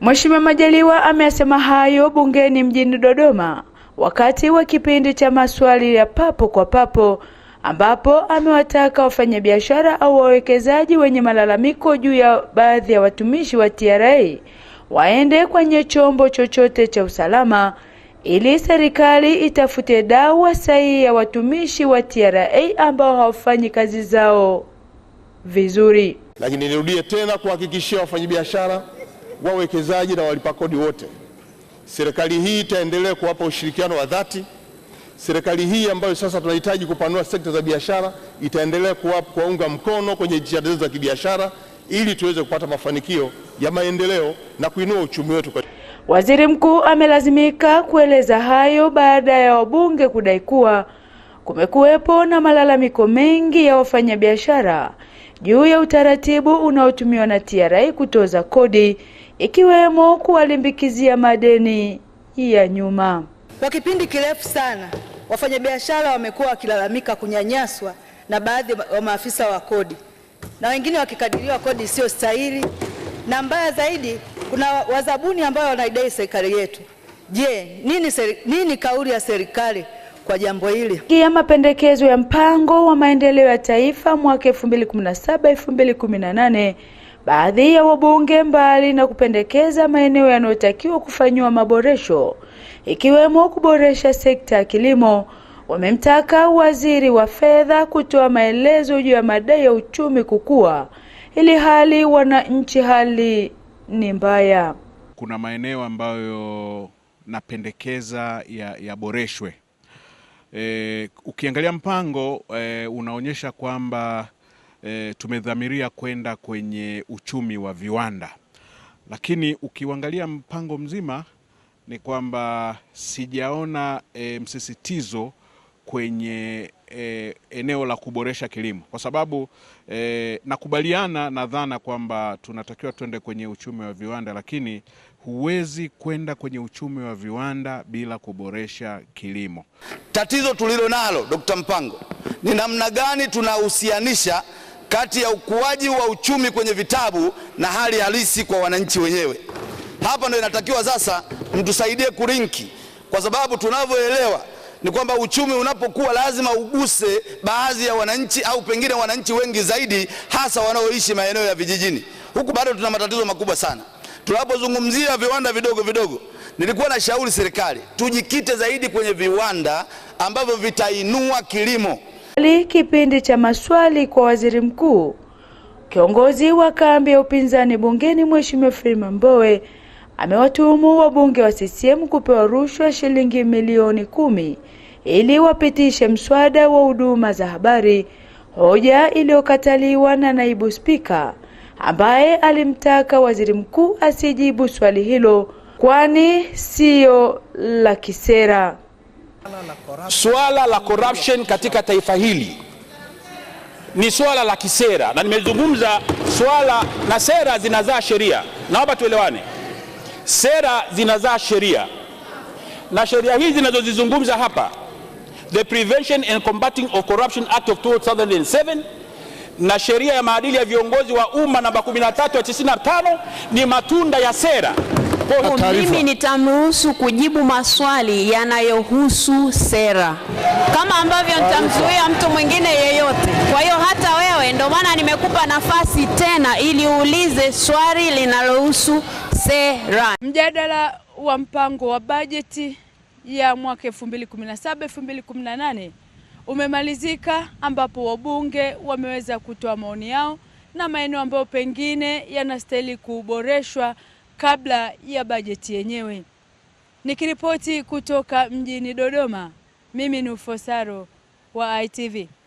Mheshimiwa Majaliwa ameyasema hayo bungeni mjini Dodoma wakati wa kipindi cha maswali ya papo kwa papo ambapo amewataka wafanyabiashara au wawekezaji wenye malalamiko juu ya baadhi ya watumishi wa TRA waende kwenye chombo chochote cha usalama ili serikali itafute dawa sahihi ya watumishi wa TRA ambao hawafanyi kazi zao vizuri. Lakini nirudie tena kuhakikishia wafanyabiashara wawekezaji na walipa kodi wote. Serikali hii itaendelea kuwapa ushirikiano wa dhati. Serikali hii ambayo sasa tunahitaji kupanua sekta za biashara itaendelea kuwaunga mkono kwenye jitihada za kibiashara ili tuweze kupata mafanikio ya maendeleo na kuinua uchumi wetu. Waziri Mkuu amelazimika kueleza hayo baada ya wabunge kudai kuwa kumekuwepo na malalamiko mengi ya wafanyabiashara juu ya utaratibu unaotumiwa na TRA kutoza kodi ikiwemo kuwalimbikizia madeni ya nyuma. Kwa kipindi kirefu sana, wafanyabiashara wamekuwa wakilalamika kunyanyaswa na baadhi ya maafisa wa kodi na wengine wakikadiriwa kodi isiyo stahili, na mbaya zaidi kuna wazabuni ambao wanaidai serikali yetu. Je, nini, seri, nini kauli ya serikali kwa jambo hili? Kia mapendekezo ya mpango wa maendeleo ya taifa mwaka 2017 2018 baadhi ya wabunge, mbali na kupendekeza maeneo yanayotakiwa kufanyiwa maboresho, ikiwemo kuboresha sekta ya kilimo, wamemtaka waziri wa fedha kutoa maelezo juu ya madai ya uchumi kukua, ili hali wananchi hali ni mbaya. Kuna maeneo ambayo napendekeza yaboreshwe ya eh, e, ukiangalia mpango e, unaonyesha kwamba e, tumedhamiria kwenda kwenye uchumi wa viwanda, lakini ukiuangalia mpango mzima ni kwamba sijaona e, msisitizo kwenye e, eneo la kuboresha kilimo kwa sababu e, nakubaliana na dhana kwamba tunatakiwa twende kwenye uchumi wa viwanda, lakini huwezi kwenda kwenye uchumi wa viwanda bila kuboresha kilimo. Tatizo tulilo nalo Dr. Mpango ni namna gani tunahusianisha kati ya ukuaji wa uchumi kwenye vitabu na hali halisi kwa wananchi wenyewe. Hapa ndio inatakiwa sasa mtusaidie kulinki, kwa sababu tunavyoelewa ni kwamba uchumi unapokuwa lazima uguse baadhi ya wananchi au pengine wananchi wengi zaidi, hasa wanaoishi maeneo ya vijijini. Huku bado tuna matatizo makubwa sana. Tunapozungumzia viwanda vidogo vidogo, nilikuwa na shauri serikali tujikite zaidi kwenye viwanda ambavyo vitainua kilimo ali Kipindi cha maswali kwa waziri mkuu, kiongozi wa kambi ya upinzani bungeni Mheshimiwa Freeman Mbowe amewatuhumu wabunge wa CCM kupewa rushwa shilingi milioni kumi ili wapitishe mswada wa huduma za habari, hoja iliyokataliwa na naibu spika ambaye alimtaka waziri mkuu asijibu swali hilo kwani sio la kisera. Suala la corruption katika taifa hili ni suala la kisera, na nimezungumza suala na sera zinazaa sheria. Naomba tuelewane, sera zinazaa sheria, na sheria hizi zinazozizungumza hapa, the Prevention and Combating of Corruption Act of 2007 na sheria ya maadili ya viongozi wa umma namba 13 ya 95 ni matunda ya sera mimi nitamruhusu kujibu maswali yanayohusu sera kama ambavyo nitamzuia mtu mwingine yeyote. Kwa hiyo hata wewe, ndio maana nimekupa nafasi tena ili uulize swali linalohusu sera. Mjadala wa mpango wa bajeti ya mwaka 2017 2018 umemalizika ambapo wabunge wameweza kutoa maoni yao na maeneo ambayo pengine yanastahili kuboreshwa kabla ya bajeti yenyewe. Nikiripoti kutoka mjini Dodoma, mimi ni Ufosaro wa ITV.